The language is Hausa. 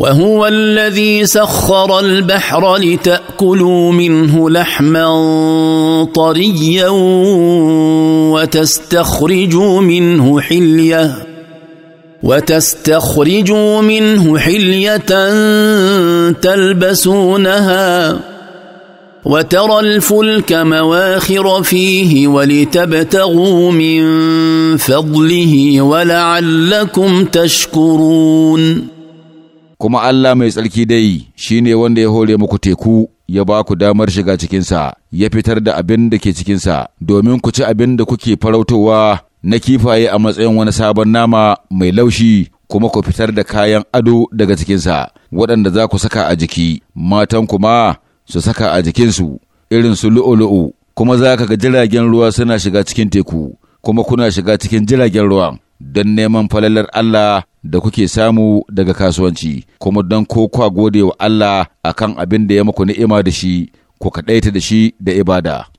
وهو الذي سخر البحر لتاكلوا منه لحما طريا وتستخرجوا منه حليه وتستخرجوا منه حليه تلبسونها وترى الفلك مواخر فيه ولتبتغوا من فضله ولعلكم تشكرون kuma Allah mai tsarki dai shi ne wanda ya hore muku teku ya ba ku damar shiga cikinsa, ya fitar da abin da ke cikinsa, domin ku ci abin da kuke farautowa na kifaye a matsayin wani sabon nama mai laushi kuma ku fitar da kayan ado daga cikinsa, waɗanda za ku saka a jiki, matan kuma su saka a jikinsu, irin su lu'ulu'u, kuma za ka ga jiragen ruwa suna shiga cikin teku, kuma kuna shiga cikin jiragen ruwan. don neman falalar Allah da kuke samu daga kasuwanci, kuma don ko kwa gode wa Allah akan abin da ya maku ni'ima da shi, ku kaɗaita da shi da ibada.